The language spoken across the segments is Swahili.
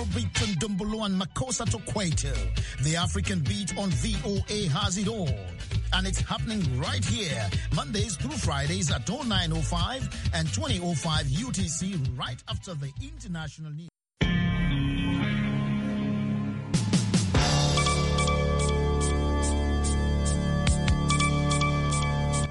Afrobeat from Dumbolo and Makosa Tokwato. The African Beat on VOA has it all. And it's happening right here, Mondays through Fridays at 0905 and 2005 UTC right after the international news.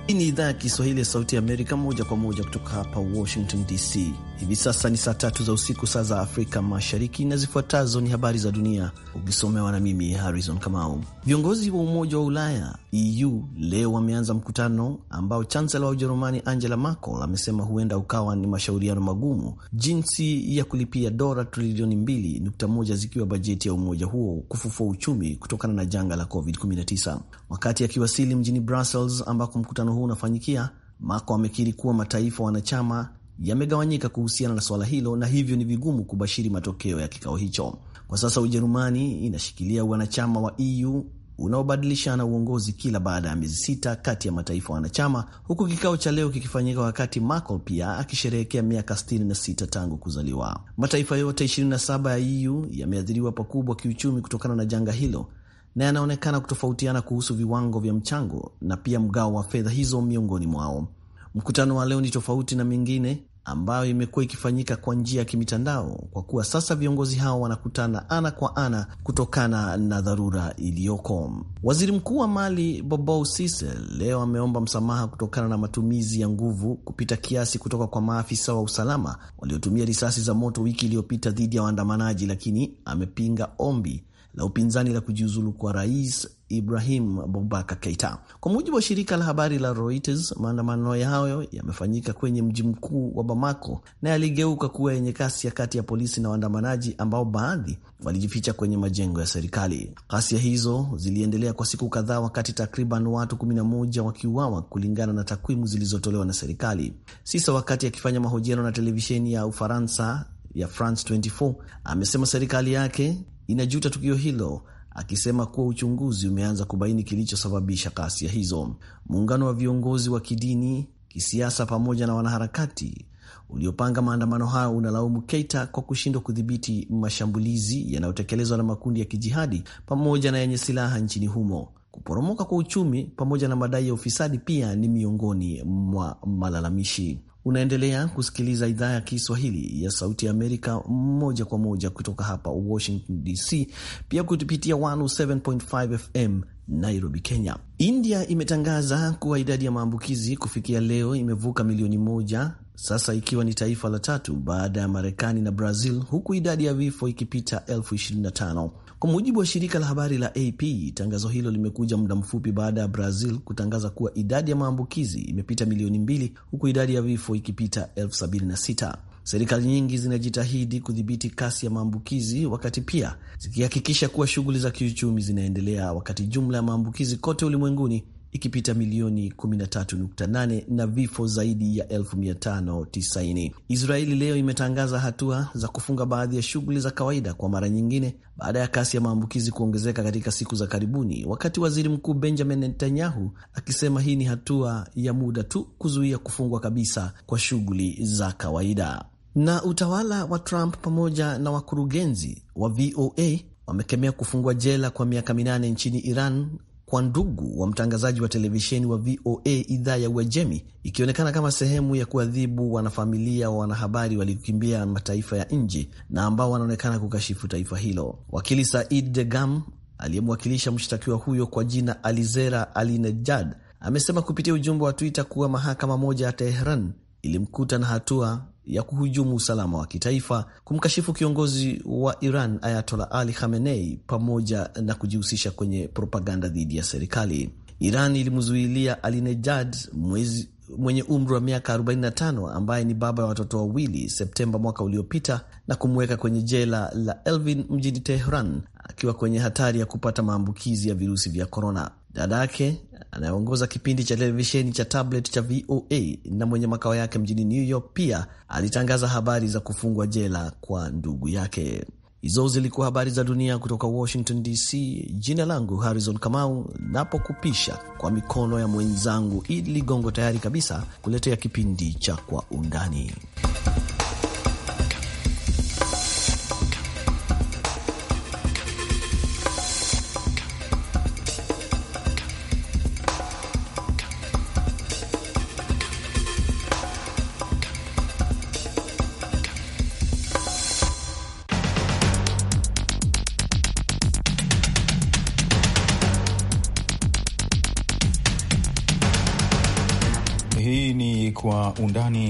Hii ni idhaa ya Kiswahili ya Sauti ya Amerika, moja kwa moja kutoka hapa Washington DC. Hivi sasa ni saa tatu za usiku, saa za Afrika Mashariki, na zifuatazo ni habari za dunia ukisomewa na mimi Harrison Kamau. Viongozi wa Umoja wa Ulaya EU leo wameanza mkutano ambao chansela wa Ujerumani Angela Merkel amesema huenda ukawa ni mashauriano magumu jinsi ya kulipia dola trilioni 2.1 zikiwa bajeti ya umoja huo kufufua uchumi kutokana na janga la COVID-19. Wakati akiwasili mjini Brussels ambako mkutano huu unafanyikia, Mako amekiri kuwa mataifa wanachama yamegawanyika kuhusiana na suala hilo na hivyo ni vigumu kubashiri matokeo ya kikao hicho. Kwa sasa Ujerumani inashikilia wanachama wa EU unaobadilishana uongozi kila baada ya miezi sita kati ya mataifa wanachama, huku kikao cha leo kikifanyika wakati Merkel pia akisherehekea miaka 66 tangu kuzaliwa. Mataifa yote 27 ya EU yameathiriwa pakubwa kiuchumi kutokana na janga hilo na yanaonekana kutofautiana kuhusu viwango vya mchango na pia mgao wa fedha hizo miongoni mwao. Mkutano wa leo ni tofauti na mingine ambayo imekuwa ikifanyika kwa njia ya kimitandao kwa kuwa sasa viongozi hao wanakutana ana kwa ana kutokana na dharura iliyoko. Waziri Mkuu wa Mali Bobou Cisse leo ameomba msamaha kutokana na matumizi ya nguvu kupita kiasi kutoka kwa maafisa wa usalama waliotumia risasi za moto wiki iliyopita dhidi ya waandamanaji, lakini amepinga ombi la upinzani la kujiuzulu kwa rais Ibrahim Boubacar Keita. Kwa mujibu wa shirika la habari la Reuters, maandamano hayo yamefanyika kwenye mji mkuu wa Bamako na yaligeuka kuwa yenye ya kati ya polisi na waandamanaji ambao baadhi walijificha kwenye majengo ya serikali. Ghasia hizo ziliendelea kwa siku kadhaa, wakati takriban watu 11 wakiuawa kulingana na takwimu zilizotolewa na serikali. Sisa, wakati akifanya mahojiano na televisheni ya Ufaransa ya France 24 amesema serikali yake inajuta tukio hilo akisema kuwa uchunguzi umeanza kubaini kilichosababisha ghasia hizo. Muungano wa viongozi wa kidini, kisiasa pamoja na wanaharakati uliopanga maandamano hayo unalaumu Keita kwa kushindwa kudhibiti mashambulizi yanayotekelezwa na makundi ya kijihadi pamoja na yenye silaha nchini humo. Kuporomoka kwa uchumi pamoja na madai ya ufisadi pia ni miongoni mwa malalamishi. Unaendelea kusikiliza idhaa ya Kiswahili ya Sauti ya Amerika moja kwa moja kutoka hapa Washington DC, pia kupitia 107.5 FM Nairobi, Kenya. India imetangaza kuwa idadi ya maambukizi kufikia leo imevuka milioni moja sasa ikiwa ni taifa la tatu baada ya Marekani na Brazil, huku idadi ya vifo ikipita elfu 25 kwa mujibu wa shirika la habari la AP. Tangazo hilo limekuja muda mfupi baada ya Brazil kutangaza kuwa idadi ya maambukizi imepita milioni mbili huku idadi ya vifo ikipita elfu 76. Serikali nyingi zinajitahidi kudhibiti kasi ya maambukizi, wakati pia zikihakikisha kuwa shughuli za kiuchumi zinaendelea, wakati jumla ya maambukizi kote ulimwenguni ikipita milioni 13.8 na vifo zaidi ya 590. Israeli leo imetangaza hatua za kufunga baadhi ya shughuli za kawaida kwa mara nyingine baada ya kasi ya maambukizi kuongezeka katika siku za karibuni, wakati waziri mkuu Benjamin Netanyahu akisema hii ni hatua ya muda tu kuzuia kufungwa kabisa kwa shughuli za kawaida na utawala wa Trump pamoja na wakurugenzi wa VOA wamekemea kufungwa jela kwa miaka minane nchini Iran kwa ndugu wa mtangazaji wa televisheni wa VOA idhaa ya Uajemi, ikionekana kama sehemu ya kuadhibu wanafamilia wa wanahabari waliokimbia mataifa ya nje na ambao wanaonekana kukashifu taifa hilo. Wakili Said Degam aliyemwakilisha mshtakiwa huyo kwa jina Alizera Alinejad amesema kupitia ujumbe wa Twitter kuwa mahakama moja ya Teheran ilimkuta na hatua ya kuhujumu usalama wa kitaifa, kumkashifu kiongozi wa Iran Ayatola Ali Khamenei, pamoja na kujihusisha kwenye propaganda dhidi ya serikali. Iran ilimzuilia Ali Nejad mwezi mwenye umri wa miaka 45 ambaye ni baba ya watoto wawili Septemba mwaka uliopita na kumweka kwenye jela la Elvin mjini Tehran akiwa kwenye hatari ya kupata maambukizi ya virusi vya korona. Dada yake anayeongoza kipindi cha televisheni cha tablet cha VOA na mwenye makao yake mjini New York, pia alitangaza habari za kufungwa jela kwa ndugu yake. Hizo zilikuwa habari za dunia kutoka Washington DC. Jina langu Harrison Kamau, napokupisha kwa mikono ya mwenzangu Idi Ligongo, tayari kabisa kuletea kipindi cha Kwa Undani.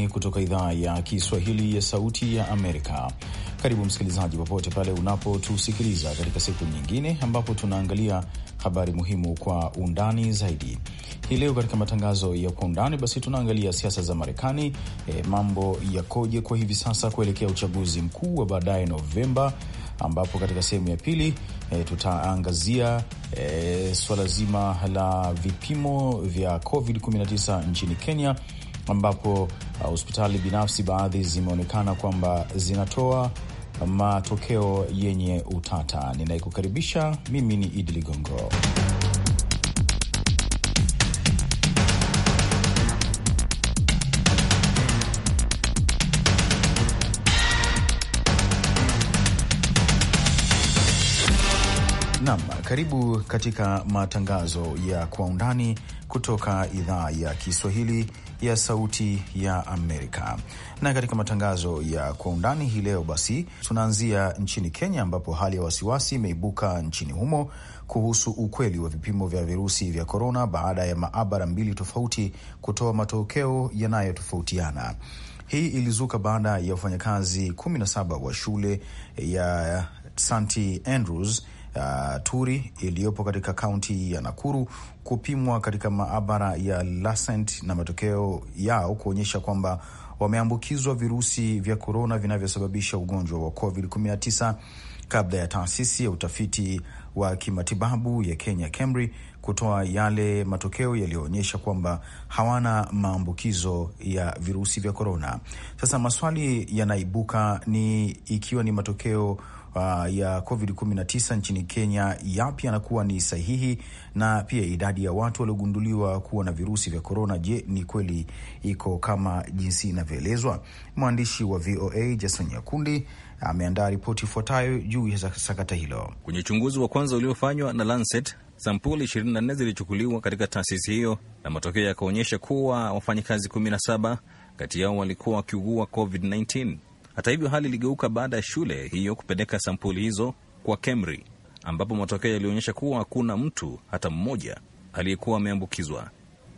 kutoka idhaa ya Kiswahili ya Sauti ya Amerika. Karibu msikilizaji, popote pale unapotusikiliza katika siku nyingine ambapo tunaangalia habari muhimu kwa undani zaidi. Hii leo katika matangazo ya kwa undani, basi tunaangalia siasa za Marekani. E, mambo yakoje kwa hivi sasa kuelekea uchaguzi mkuu wa baadaye Novemba, ambapo katika sehemu ya pili e, tutaangazia e, suala zima la vipimo vya COVID-19 nchini Kenya ambapo uh, hospitali uh, binafsi baadhi zimeonekana kwamba zinatoa matokeo yenye utata. Ninayekukaribisha mimi ni Idi Ligongo. Nam, karibu katika matangazo ya kwa undani kutoka idhaa ya Kiswahili ya Sauti ya Amerika. Na katika matangazo ya Kwa Undani hii leo, basi tunaanzia nchini Kenya, ambapo hali ya wasiwasi imeibuka nchini humo kuhusu ukweli wa vipimo vya virusi vya korona baada ya maabara mbili tofauti kutoa matokeo yanayotofautiana. Hii ilizuka baada ya wafanyakazi 17 wa shule ya St Andrews uh, Turi iliyopo katika kaunti ya Nakuru kupimwa katika maabara ya Lancet na matokeo yao kuonyesha kwamba wameambukizwa virusi vya korona vinavyosababisha ugonjwa wa COVID-19 kabla ya taasisi ya utafiti wa kimatibabu ya Kenya KEMRI kutoa yale matokeo yaliyoonyesha kwamba hawana maambukizo ya virusi vya korona. Sasa maswali yanaibuka ni ikiwa ni matokeo uh, ya COVID-19 nchini Kenya yapi yanakuwa ni sahihi, na pia idadi ya watu waliogunduliwa kuwa na virusi vya korona, je, ni kweli iko kama jinsi inavyoelezwa? Mwandishi wa VOA Jason Nyakundi ameandaa ripoti ifuatayo juu ya sakata hilo. Kwenye uchunguzi wa kwanza uliofanywa na Lancet, sampuli 24 zilichukuliwa katika taasisi hiyo na matokeo yakaonyesha kuwa wafanyakazi 17 kati yao walikuwa wakiugua COVID-19. Hata hivyo, hali iligeuka baada ya shule hiyo kupeleka sampuli hizo kwa KEMRI, ambapo matokeo yalionyesha kuwa hakuna mtu hata mmoja aliyekuwa ameambukizwa.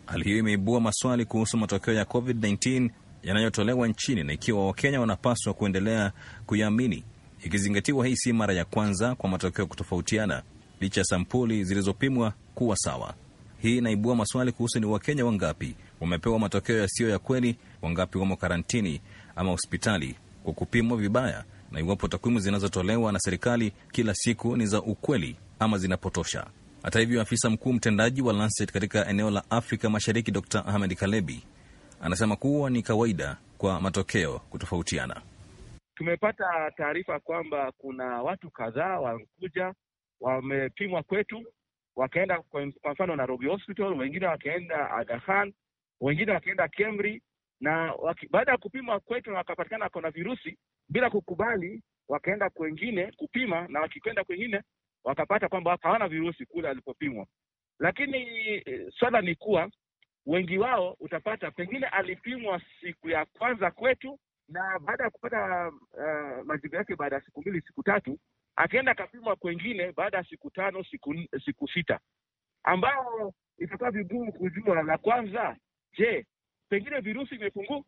Hali hiyo imeibua maswali kuhusu matokeo ya COVID-19 yanayotolewa nchini na ikiwa Wakenya wanapaswa kuendelea kuyaamini, ikizingatiwa hii si mara ya kwanza kwa matokeo kutofautiana licha ya sampuli zilizopimwa kuwa sawa. Hii inaibua maswali kuhusu ni Wakenya wangapi wamepewa matokeo yasiyo ya kweli, wangapi wamo karantini ama hospitali kwa kupimwa vibaya na iwapo takwimu zinazotolewa na serikali kila siku ni za ukweli ama zinapotosha. Hata hivyo, afisa mkuu mtendaji wa Lancet katika eneo la Afrika Mashariki Dr Ahmed Kalebi anasema kuwa ni kawaida kwa matokeo kutofautiana. Tumepata taarifa kwamba kuna watu kadhaa wamekuja wamepimwa kwetu, wakaenda kwa mfano Nairobi Hospital, wengine wakaenda Aga Khan, wengine wakaenda Kemri, na waki, baada ya kupima kwetu na wakapatikana kuna virusi bila kukubali, wakaenda kwengine kupima, na wakikwenda kwengine wakapata kwamba hawana virusi kule alipopimwa. Lakini eh, swala ni kuwa wengi wao utapata pengine alipimwa siku ya kwanza kwetu, na baada ya kupata uh, majibu yake baada ya siku mbili siku tatu, akaenda akapimwa kwengine baada ya siku tano siku, siku sita, ambao itakuwa vigumu kujua la kwanza, je pengine virusi imepungua,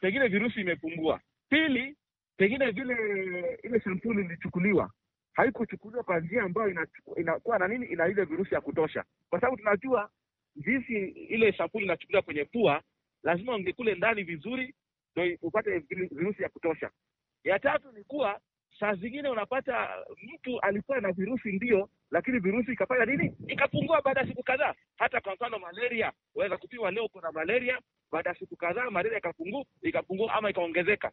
pengine virusi imepungua. Pili, pengine vile ile sampuli ilichukuliwa haikuchukuliwa kwa njia ambayo inakuwa ina, na nini ina ile virusi ya kutosha, kwa sababu tunajua jinsi ile sampuli inachukuliwa kwenye pua, lazima ungekule ndani vizuri ndo upate virusi ya kutosha. Ya tatu ni kuwa saa zingine unapata mtu alikuwa na virusi ndio, lakini virusi ikafanya nini, ikapungua baada ya siku kadhaa. Hata kwa mfano malaria, waweza kupiwa leo kuna malaria, baada ya siku kadhaa malaria ikapungua ikapungua ama ikaongezeka.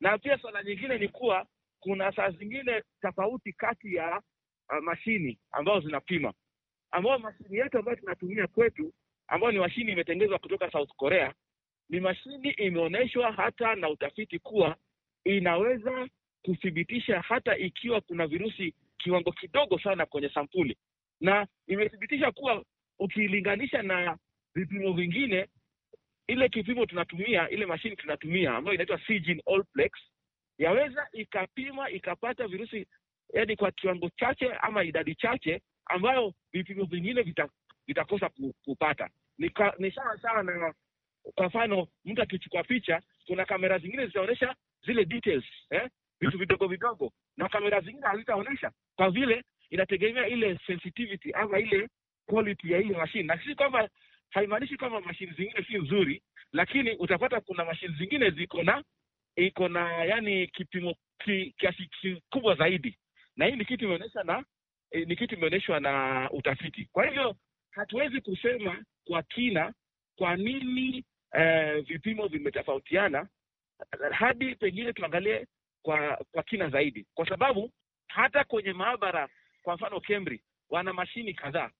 Na pia swala nyingine ni kuwa kuna saa zingine tofauti kati ya uh, mashini ambazo zinapima, ambayo mashini yetu ambayo tunatumia kwetu, ambayo ni mashini imetengenezwa kutoka South Korea, ni mashini imeonyeshwa hata na utafiti kuwa inaweza kuthibitisha hata ikiwa kuna virusi kiwango kidogo sana kwenye sampuli, na imethibitisha kuwa ukilinganisha na vipimo vingine ile kipimo tunatumia, ile mashini tunatumia ambayo inaitwa Allplex yaweza ikapima ikapata virusi yani kwa kiwango chache ama idadi chache ambayo vipimo vingine vita, vitakosa kupata. Ni, ni sawa sawa na kwa mfano mtu akichukua picha, kuna kamera zingine zitaonyesha zile details eh, vitu vidogo vidogo, na kamera zingine hazitaonyesha kwa vile inategemea ile sensitivity ama ile quality ya hiyo mashine, na si kwamba haimaanishi kwamba mashini zingine si nzuri, lakini utapata kuna mashini zingine ziko na iko na yani kipimo ki, kiasi kikubwa zaidi, na hii ni kitu imeonyesha na e, ni kitu imeonyeshwa na utafiti. Kwa hivyo hatuwezi kusema kwa kina kwa nini e, vipimo vimetofautiana hadi pengine tuangalie kwa kwa kina zaidi, kwa sababu hata kwenye maabara, kwa mfano KEMRI, wana mashini kadhaa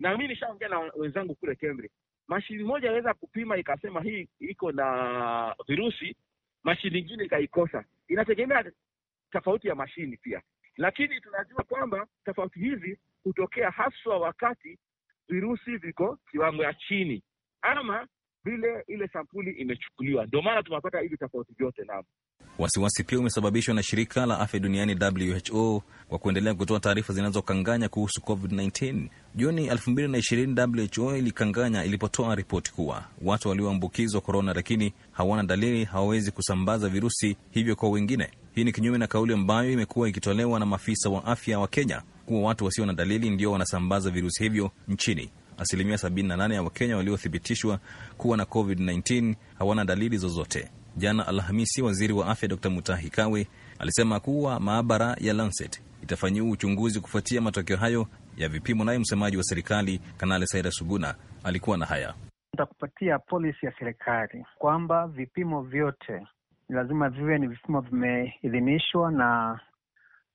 na mi nishaongea na wenzangu kule Cambridge. Mashini moja inaweza kupima ikasema hii iko na virusi, mashini nyingine ikaikosa. Inategemea tofauti ya mashini pia, lakini tunajua kwamba tofauti hizi hutokea haswa wakati virusi viko kiwango ya chini ama vile ile sampuli imechukuliwa, ndio maana tunapata hivi tofauti vyote nao Wasiwasi pia umesababishwa na shirika la afya duniani WHO kwa kuendelea kutoa taarifa zinazokanganya kuhusu COVID-19. Juni 2020 WHO ilikanganya ilipotoa ripoti kuwa watu walioambukizwa korona lakini hawana dalili hawawezi kusambaza virusi hivyo kwa wengine. Hii ni kinyume na kauli ambayo imekuwa ikitolewa na maafisa wa afya wa Kenya kuwa watu wasio na dalili ndio wanasambaza virusi hivyo nchini. Asilimia 78 ya Wakenya waliothibitishwa kuwa na COVID-19 hawana dalili zozote. Jana Alhamisi, waziri wa afya Dr Mutahi Kawe alisema kuwa maabara ya Lancet itafanyiwa uchunguzi kufuatia matokeo hayo ya vipimo. Naye msemaji wa serikali Kanali Saida Suguna alikuwa na haya. Nitakupatia polisi ya serikali kwamba vipimo vyote lazima viwe ni vipimo vimeidhinishwa na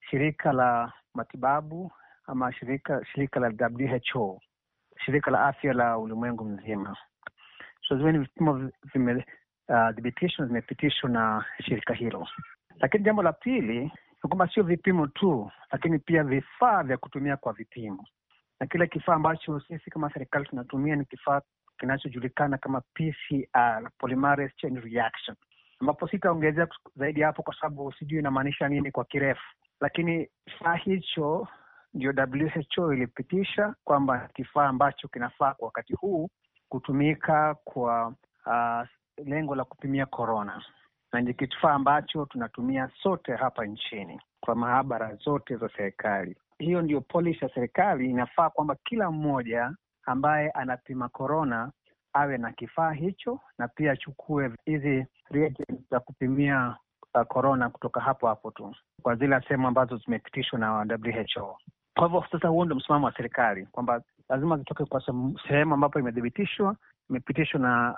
shirika la matibabu ama shirika shirika la WHO, shirika la afya la ulimwengu mzima. So ziwe ni vipimo Uh, thibitisho uh, zimepitishwa na shirika hilo. Lakini jambo la pili ni kwamba sio vipimo tu, lakini pia vifaa vya kutumia kwa vipimo, na kile kifaa ambacho sisi kama serikali tunatumia ni kifaa kinachojulikana kama PCR, polymerase chain reaction, ambapo sitaongezea zaidi hapo kwa sababu sijui inamaanisha nini kwa kirefu, lakini kifaa hicho ndio WHO ilipitisha kwamba kifaa ambacho kinafaa kwa wakati huu kutumika kwa uh, lengo la kupimia korona, na ni kifaa ambacho tunatumia sote hapa nchini kwa maabara zote za serikali. Hiyo ndiyo policy ya serikali, inafaa kwamba kila mmoja ambaye anapima korona awe na kifaa hicho na pia achukue hizi za kupimia korona uh, kutoka hapo hapo tu kwa zile sehemu ambazo zimepitishwa na WHO. Kwa hivyo sasa, huo ndio msimamo wa serikali kwamba lazima zitoke kwa sehemu ambapo imethibitishwa imepitishwa na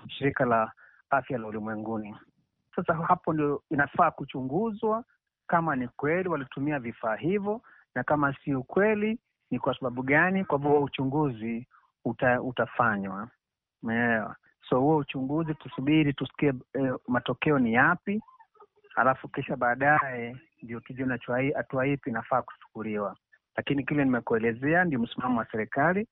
uh, shirika la afya la ulimwenguni. Sasa hapo ndio inafaa kuchunguzwa kama ni kweli walitumia vifaa hivyo, na kama si ukweli ni kwa sababu gani. Kwa hivyo uchunguzi uta, utafanywa, umeelewa? So huo uchunguzi tusubiri tusikie eh, matokeo ni yapi, alafu kisha baadaye ndio tuje na hatua ipi inafaa kuchukuliwa. Lakini kile nimekuelezea ndio msimamo wa serikali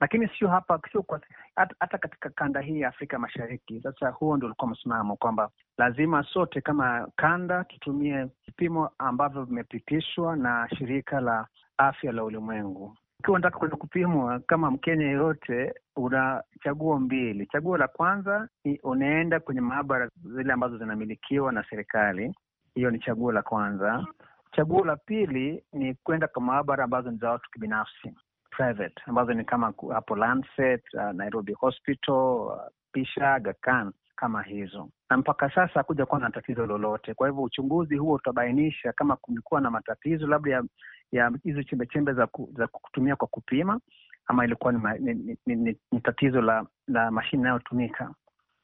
lakini sio hapa, sio kwa hata katika kanda hii ya Afrika Mashariki. Sasa huo ndio ulikuwa msimamo kwamba lazima sote kama kanda tutumie vipimo ambavyo vimepitishwa na shirika la afya la ulimwengu. Ukiwa unataka kwenda kupimwa kama Mkenya yeyote, una chaguo mbili. Chaguo la kwanza ni unaenda kwenye maabara zile ambazo zinamilikiwa na serikali. Hiyo ni chaguo la kwanza. Chaguo la pili ni kwenda kwa maabara ambazo ni za watu kibinafsi private ambazo ni kama hapo Lancet, uh, Nairobi Hospital, uh, Pisha, Aga Khan kama hizo, na mpaka sasa hakuja kuwa na tatizo lolote. Kwa hivyo uchunguzi huo utabainisha kama kumekuwa na matatizo labda ya ya hizo chembechembe za, ku, za kutumia kwa kupima ama ilikuwa ni, ni, ni, ni, ni tatizo la la mashine inayotumika.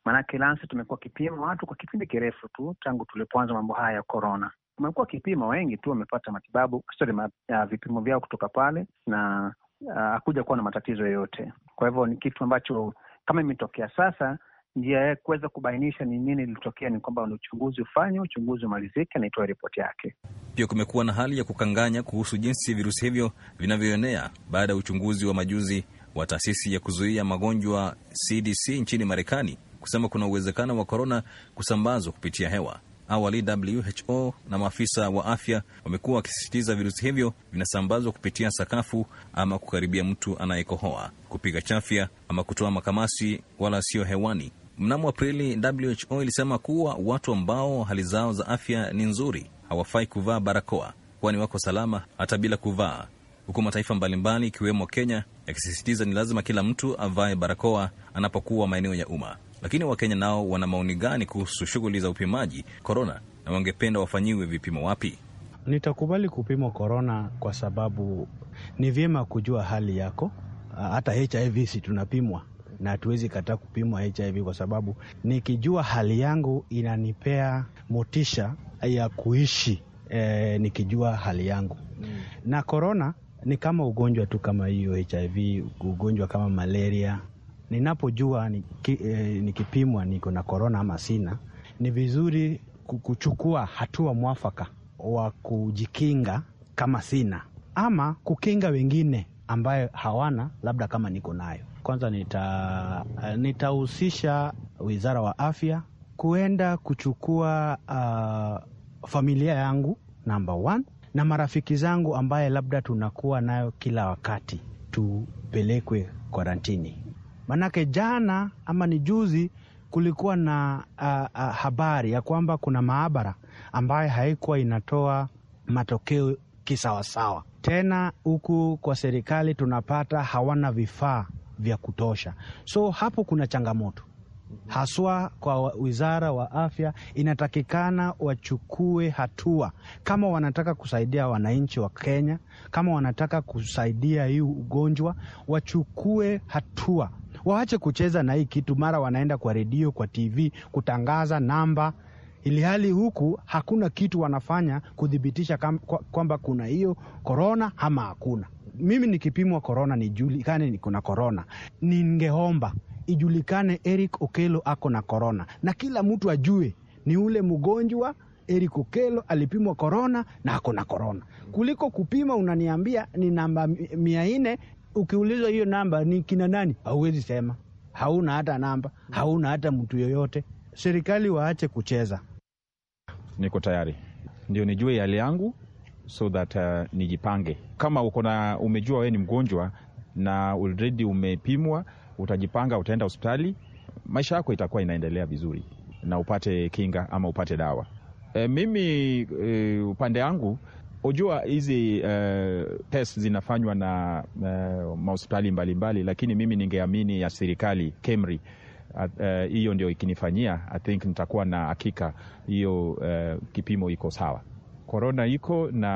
Maanake Lancet tumekuwa kipima watu kwa kipindi kirefu tu tangu tulipoanza mambo haya ya korona umekuwa kipima wengi tu wamepata matibabu sorry, ma, ya vipimo vyao kutoka pale, na Uh, hakuja uh, kuwa na matatizo yoyote. Kwa hivyo ni kitu ambacho kama imetokea sasa, njia ya kuweza kubainisha ni nini ilitokea ni kwamba ni uchunguzi ufanywe, uchunguzi umalizike na itoe ripoti yake. Pia kumekuwa na hali ya kukanganya kuhusu jinsi virusi hivyo vinavyoenea baada ya uchunguzi wa majuzi wa taasisi ya kuzuia magonjwa CDC nchini Marekani kusema kuna uwezekano wa korona kusambazwa kupitia hewa. Awali, WHO na maafisa wa afya wamekuwa wakisisitiza virusi hivyo vinasambazwa kupitia sakafu ama kukaribia mtu anayekohoa, kupiga chafya ama kutoa makamasi, wala sio hewani. Mnamo Aprili, WHO ilisema kuwa watu ambao hali zao za afya ni nzuri hawafai kuvaa barakoa, kwani wako salama hata bila kuvaa, huku mataifa mbalimbali ikiwemo Kenya yakisisitiza ni lazima kila mtu avae barakoa anapokuwa maeneo ya umma. Lakini Wakenya nao wana maoni gani kuhusu shughuli za upimaji korona na wangependa wafanyiwe vipimo wapi? Nitakubali kupimwa korona kwa sababu ni vyema kujua hali yako. Hata HIV si tunapimwa na hatuwezi kataa kupimwa HIV kwa sababu nikijua hali yangu inanipea motisha ya kuishi eh, nikijua hali yangu mm. Na korona ni kama ugonjwa tu kama hiyo HIV, ugonjwa kama malaria ninapojua niki, eh, nikipimwa niko na korona ama sina, ni vizuri kuchukua hatua mwafaka wa kujikinga kama sina ama kukinga wengine ambayo hawana labda kama niko nayo. Kwanza nitahusisha nita wizara wa afya kuenda kuchukua uh, familia yangu namba one, na marafiki zangu ambaye labda tunakuwa nayo kila wakati tupelekwe kwarantini. Manake jana ama ni juzi kulikuwa na uh, uh, habari ya kwamba kuna maabara ambayo haikuwa inatoa matokeo kisawasawa. Tena huku kwa serikali tunapata hawana vifaa vya kutosha, so hapo kuna changamoto haswa kwa wizara wa afya. Inatakikana wachukue hatua kama wanataka kusaidia wananchi wa Kenya, kama wanataka kusaidia hii ugonjwa, wachukue hatua waache kucheza na hii kitu, mara wanaenda kwa redio, kwa TV kutangaza namba ili hali huku hakuna kitu wanafanya kuthibitisha kwamba kuna hiyo korona ama hakuna. Mimi nikipimwa korona nijulikane ni kuna korona, ningeomba ijulikane Eric Okelo ako na korona, na kila mtu ajue ni ule mgonjwa Eric Okelo alipimwa korona na ako na korona, kuliko kupima unaniambia ni namba mia nne Ukiulizwa hiyo namba ni kina nani, hauwezi sema, hauna hata namba, hauna hata mtu yoyote. Serikali waache kucheza. Niko tayari ndio nijue hali yangu so that uh, nijipange. Kama uko na umejua wewe ni mgonjwa na already umepimwa, utajipanga, utaenda hospitali, maisha yako itakuwa inaendelea vizuri na upate kinga ama upate dawa. E, mimi e, upande wangu Ujua hizi uh, test zinafanywa na uh, mahospitali mbalimbali, lakini mimi ningeamini ya serikali KEMRI eh, hiyo uh, ndio ikinifanyia, I think nitakuwa na hakika hiyo uh, kipimo iko sawa. Korona iko na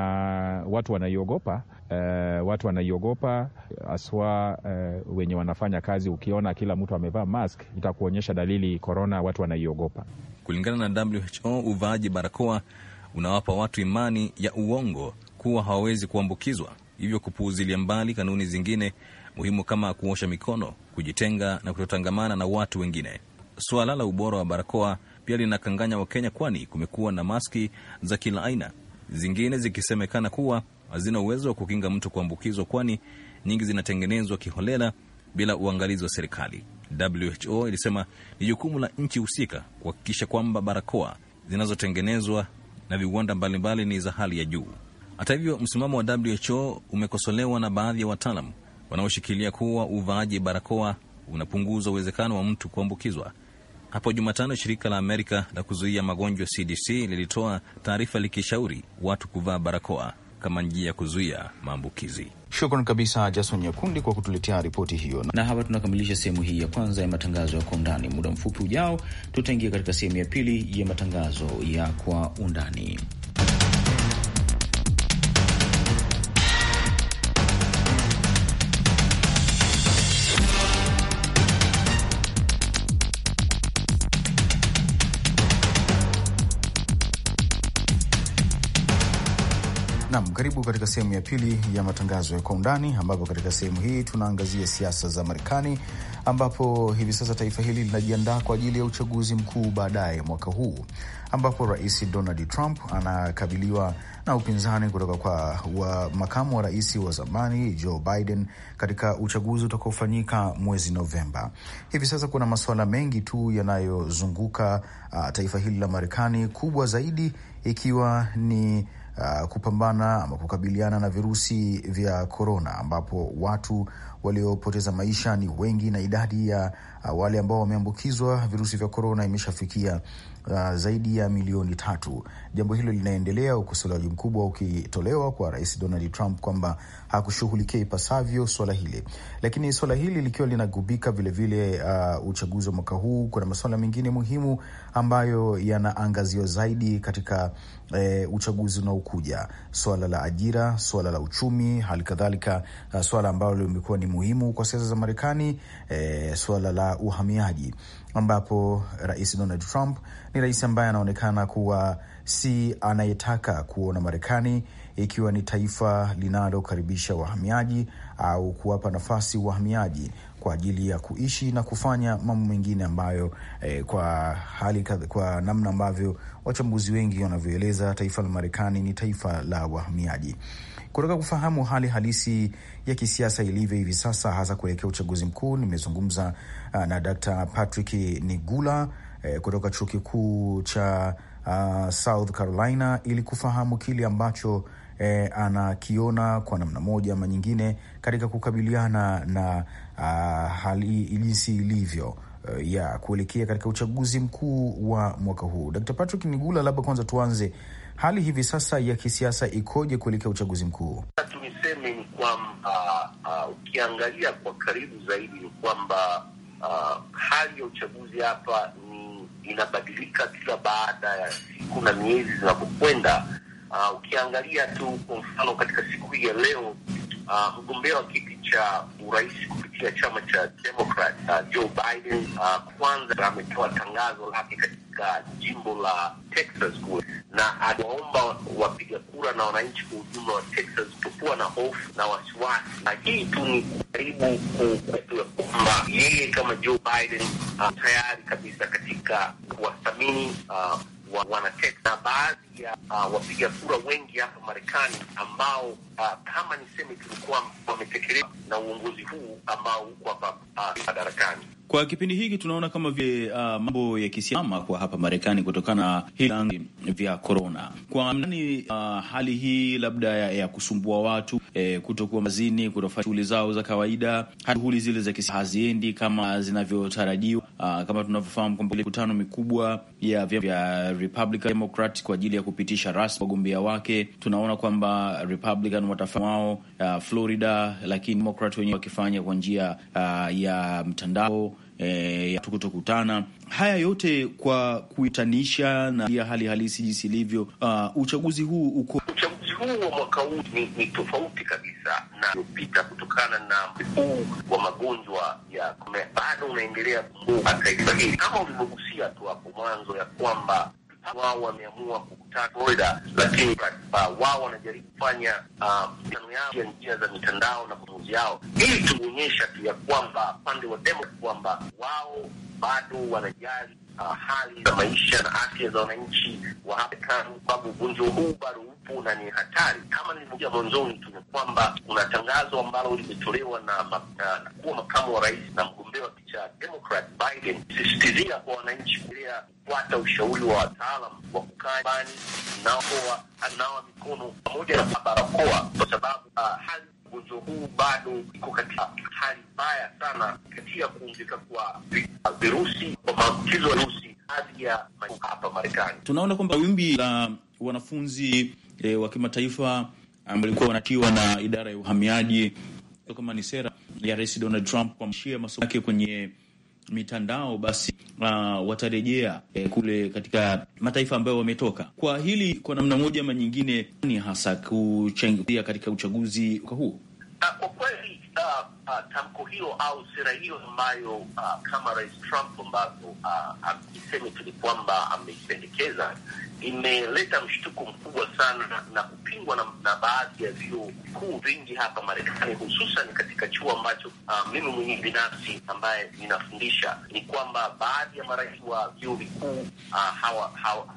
watu wanaiogopa, uh, watu wanaiogopa haswa uh, wenye wanafanya kazi. Ukiona kila mtu amevaa mask, itakuonyesha dalili korona, watu wanaiogopa. Kulingana na WHO, uvaaji barakoa unawapa watu imani ya uongo kuwa hawawezi kuambukizwa, hivyo kupuuzilia mbali kanuni zingine muhimu kama kuosha mikono, kujitenga na kutotangamana na watu wengine. Suala la ubora wa barakoa pia linakanganya Wakenya, kwani kumekuwa na maski za kila aina, zingine zikisemekana kuwa hazina uwezo wa kukinga mtu kuambukizwa, kwani nyingi zinatengenezwa kiholela bila uangalizi wa serikali. WHO ilisema ni jukumu la nchi husika kuhakikisha kwamba barakoa zinazotengenezwa na viwanda mbalimbali ni za hali ya juu. Hata hivyo, msimamo wa WHO umekosolewa na baadhi ya wataalam wanaoshikilia kuwa uvaaji barakoa unapunguza uwezekano wa mtu kuambukizwa. Hapo Jumatano, shirika la Amerika la kuzuia magonjwa CDC lilitoa taarifa likishauri watu kuvaa barakoa kama njia ya kuzuia maambukizi. Shukran kabisa Jason Nyakundi kwa kutuletea ripoti hiyo, na hapa tunakamilisha sehemu hii ya kwanza ya matangazo ya kwa undani. Muda mfupi ujao, tutaingia katika sehemu ya pili ya matangazo ya kwa undani. Nam, karibu katika sehemu ya pili ya matangazo ya kwa undani, ambapo katika sehemu hii tunaangazia siasa za Marekani, ambapo hivi sasa taifa hili linajiandaa kwa ajili ya uchaguzi mkuu baadaye mwaka huu, ambapo Rais Donald Trump anakabiliwa na upinzani kutoka kwa wa makamu wa rais wa zamani Joe Biden katika uchaguzi utakaofanyika mwezi Novemba. Hivi sasa kuna masuala mengi tu yanayozunguka uh, taifa hili la Marekani, kubwa zaidi ikiwa ni uh, kupambana ama kukabiliana na virusi vya korona, ambapo watu waliopoteza maisha ni wengi na idadi ya uh, wale ambao wameambukizwa virusi vya korona imeshafikia uh, zaidi ya milioni tatu. Jambo hilo linaendelea, ukosolewaji mkubwa ukitolewa kwa Rais Donald Trump kwamba hakushughulikia ipasavyo swala hili, lakini swala hili likiwa linagubika vilevile uh, uchaguzi wa mwaka huu, kuna masuala mengine muhimu ambayo yanaangaziwa zaidi katika uh, uchaguzi unaokuja, swala la ajira, swala la uchumi, hali kadhalika uh, swala ambalo limekuwa ni muhimu kwa siasa za Marekani, uh, swala la uhamiaji ambapo Rais Donald Trump ni rais ambaye anaonekana kuwa si anayetaka kuona Marekani ikiwa ni taifa linalokaribisha wahamiaji au kuwapa nafasi wahamiaji kwa ajili ya kuishi na kufanya mambo mengine ambayo eh, kwa hali kwa namna ambavyo wachambuzi wengi wanavyoeleza taifa la Marekani ni taifa la wahamiaji. Kutaka kufahamu hali halisi ya kisiasa ilivyo hivi sasa, hasa kuelekea uchaguzi mkuu, nimezungumza uh, na Dr. Patrick Nigula eh, kutoka chuo kikuu cha uh, South Carolina ili kufahamu kile ambacho eh, anakiona kwa namna moja ama nyingine katika kukabiliana na uh, hali jinsi ilivyo uh, ya kuelekea katika uchaguzi mkuu wa mwaka huu. Dr. Patrick Nigula, labda kwanza tuanze Hali hivi sasa ya kisiasa ikoje kuelekea uchaguzi mkuu? Tuniseme ni kwamba uh, ukiangalia kwa karibu zaidi ni kwamba uh, hali ya uchaguzi hapa ni inabadilika kila baada ya siku na miezi zinapokwenda. Uh, ukiangalia tu kwa mfano katika siku hii ya leo uh, mgombea wa kiti cha urais kupitia chama cha Democrat uh, Joe Biden uh, kwanza ametoa tangazo lake katika jimbo la Texas kule na aliwaomba wapiga kura na wananchi kwa ujumla wa Texas kutokuwa na hofu na wasiwasi, na hii tu ni kujaribu kuatua kwamba yeye kama Joe Biden uh, tayari kabisa katika kuwathamini uh, wa, wanateka na baadhi ya uh, wapiga kura wengi hapa Marekani ambao uh, kama niseme tulikuwa wametekeleza na uongozi huu ambao huko hapa uh, madarakani kwa kipindi hiki tunaona kama vile uh, mambo yakisimama kwa hapa Marekani kutokana na hili vya korona. Kwa nani uh, hali hii labda ya, ya kusumbua watu e, kutokuwa mazini, kutofanya shughuli zao za kawaida, shughuli zile za kisiasa haziendi kama zinavyotarajiwa. Ah, kama tunavyofahamu kwamba mikutano mikubwa ya vyama vya Republican Democrat kwa ajili ya kupitisha rasmi wagombea wake, tunaona kwamba Republican watafanya wao ah, Florida, lakini Democrat wenyewe wakifanya kwa njia ah, ya mtandao e, kutokutana haya yote kwa kuitanisha na ya hali halisi jinsi ilivyo. Uh, uchaguzi huu uko uchaguzi huu wa mwaka huu ni, ni tofauti kabisa na uliopita kutokana na mkuu wa magonjwa ya bado unaendelea kama ulivyogusia tu hapo mwanzo ya kwamba wao wameamua kukutaa corridor, lakini uh, wao wanajaribu kufanya uh, yao njia za mitandao na mazungumzo yao ili tuonyesha tu ya kwamba upande wa Demokrat kwamba wao bado wanajali uh, hali za maisha na afya za wananchi wa hapa Kanu, kwamba ugonjwa huu bado upo na ni hatari. Kama nilivyokuja mwanzoni tu, ni kwamba kuna tangazo ambalo limetolewa na, kuwa makamu wa rais na mgombea wa kiti cha Democrat Biden, sisitizia kwa wananchi kulea kufuata ushauri wa wataalam wa kukaa nyumbani, naoa anawa mikono pamoja na barakoa, kwa sababu uh, hali ugonjwa huu bado iko katika hali mbaya sana, katika kuongezeka kwa virusi kwa maambukizo ya virusi hadi ya hapa Marekani. Tunaona kwamba wimbi la wanafunzi e, wa kimataifa ambao walikuwa wanatiwa na idara ya uhamiaji kama ni sera ya Rais Donald Trump mshia masomo yake kwenye mitandao basi uh, watarejea eh, kule katika mataifa ambayo wametoka. Kwa hili kwa namna moja ama nyingine, ni hasa kuchangia katika uchaguzi kwa katika uh, uh, tamko hiyo au sera hiyo ambayo uh, kama Rais Trump ambavyo uh, tu ni kwamba ameipendekeza imeleta mshtuko mkubwa sana na kupingwa na, na baadhi ya vyuo vikuu vingi hapa Marekani, hususan katika chuo ambacho uh, mimi mwenyewe binafsi ambaye ninafundisha, ni kwamba baadhi ya marais wa vyuo vikuu uh,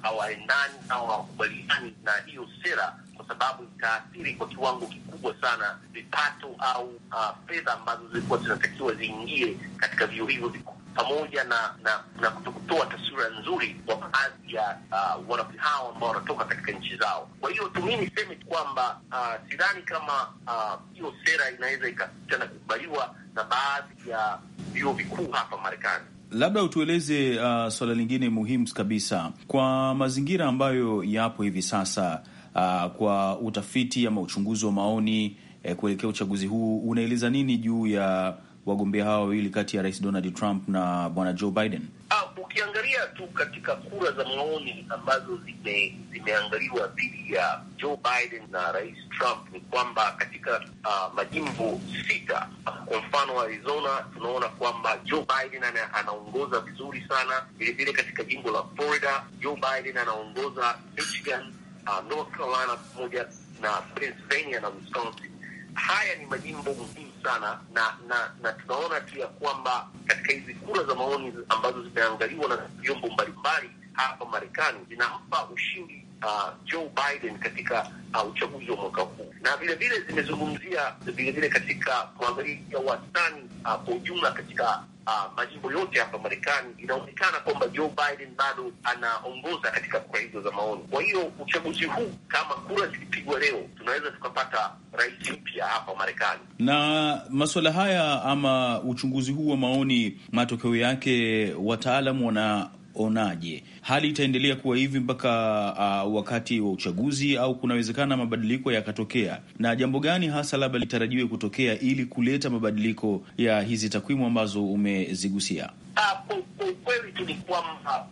hawaendani hawa, hawa au hawakubaliani na hiyo sera kwa sababu itaathiri kwa kiwango kikubwa sana vipato au uh, fedha ambazo zilikuwa zinatakiwa ziingie katika vyuo hivyo vikuu pamoja na na, na kutokutoa taswira nzuri kwa baadhi ya uh, wanafunzi hao ambao wanatoka katika nchi zao. Kwa hiyo tu mimi niseme kwamba uh, sidhani kama uh, hiyo uh, sera inaweza ikapita na kukubaliwa na baadhi ya vyuo vikuu hapa Marekani. Labda utueleze uh, suala lingine muhimu kabisa kwa mazingira ambayo yapo hivi sasa uh, kwa utafiti ama uchunguzi wa maoni eh, kuelekea uchaguzi huu unaeleza nini juu ya wagombea hawa wawili kati ya Rais Donald Trump na Bwana Joe Biden? Ah, ukiangalia tu katika kura za maoni ambazo zime, zimeangaliwa dhidi ya Joe Biden na Rais Trump ni kwamba katika uh, majimbo sita kwa mfano Arizona, tunaona kwamba Joe Biden ana, anaongoza vizuri sana. Vilevile katika jimbo la Florida Joe Biden anaongoza, Michigan uh, North Carolina pamoja na Pennsylvania na Wisconsin. Haya ni majimbo muhimu sana na na, na tunaona tu ya kwamba katika hizi kura za maoni ambazo zimeangaliwa na vyombo mbalimbali hapa Marekani zinampa ushindi uh, Joe Biden katika uh, uchaguzi wa mwaka huu, na vilevile zimezungumzia vilevile katika kuangalia wastani uh, kwa ujumla katika Uh, majimbo yote hapa Marekani inaonekana kwamba Joe Biden bado anaongoza katika kura hizo za maoni. Kwa hiyo uchaguzi huu, kama kura zilipigwa leo, tunaweza tukapata rais mpya hapa Marekani. Na masuala haya ama uchunguzi huu wa maoni, matokeo yake wataalamu wana unaonaje hali itaendelea kuwa hivi mpaka uh, wakati wa uchaguzi au kunawezekana mabadiliko yakatokea, na jambo gani hasa labda litarajiwe kutokea ili kuleta mabadiliko ya hizi takwimu ambazo umezigusia? Ah, kwa ukweli tu ni kwamba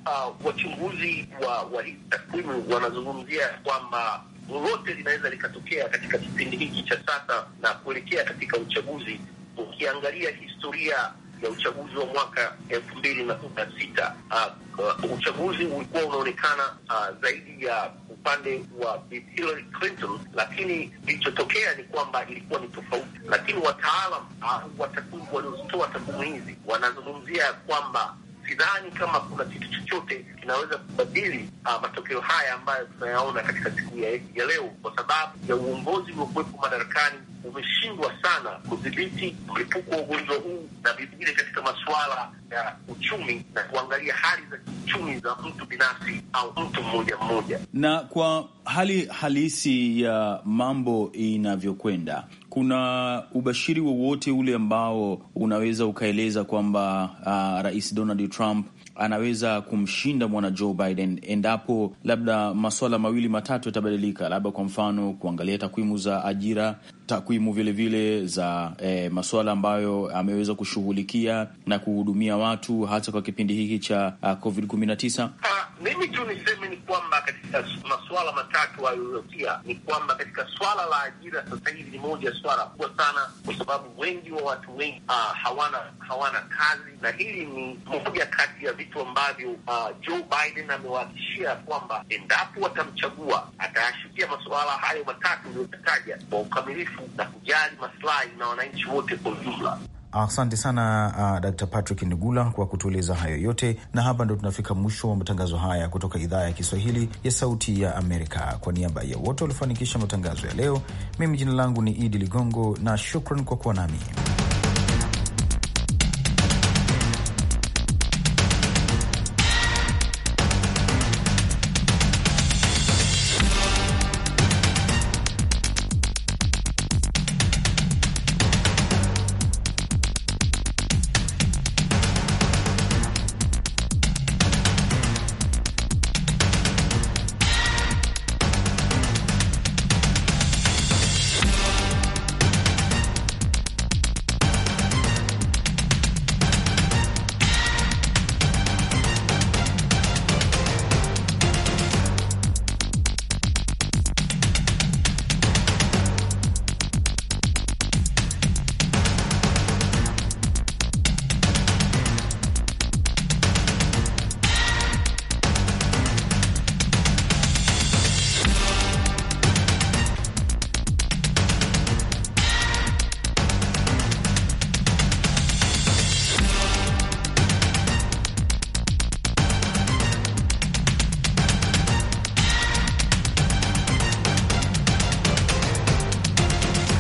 wachunguzi wa hizi takwimu wanazungumzia kwamba lolote linaweza likatokea katika kipindi hiki cha sasa na kuelekea katika uchaguzi. Ukiangalia historia ya uchaguzi wa mwaka elfu mbili na kumi na sita ah, uh, uchaguzi ulikuwa unaonekana uh, zaidi ya upande wa Hillary Clinton, lakini kilichotokea ni kwamba ilikuwa ni tofauti. Lakini wataalam uh, ah, wa takwimu hizi wanazungumzia ya kwamba sidhani kama kuna kitu chochote kinaweza kubadili uh, matokeo haya ambayo tunayaona katika siku ya, ya leo kwa sababu ya uongozi uliokuwepo madarakani umeshindwa sana kudhibiti mlipuko wa ugonjwa huu na vingine katika masuala ya uchumi na kuangalia hali za kiuchumi za mtu binafsi au mtu mmoja mmoja. Na kwa hali halisi ya mambo inavyokwenda, kuna ubashiri wowote ule ambao unaweza ukaeleza kwamba uh, Rais Donald Trump anaweza kumshinda mwana Joe Biden endapo labda maswala mawili matatu yatabadilika, labda kwa mfano kuangalia takwimu za ajira, takwimu vilevile za e, maswala ambayo ameweza kushughulikia na kuhudumia watu hasa kwa kipindi hiki cha ah, COVID 19. Ah, mimi tu niseme ni kwamba katika masuala matatu aliyotia ni kwamba katika swala la ajira sasa hivi ni moja ya swala kubwa sana, kwa sababu wengi wa watu wengi uh, hawana hawana kazi, na hili ni moja kati ya vitu ambavyo uh, Joe Biden amewahakikishia kwamba endapo watamchagua atayashukia masuala hayo matatu uliyotaja kwa ukamilifu na kujali maslahi na wananchi wote kwa ujumla. Asante sana uh, Dr. Patrick Nigula kwa kutueleza hayo yote, na hapa ndo tunafika mwisho wa matangazo haya kutoka idhaa ya Kiswahili ya Sauti ya Amerika. Kwa niaba ya wote waliofanikisha matangazo ya leo, mimi jina langu ni Idi Ligongo na shukran kwa kuwa nami.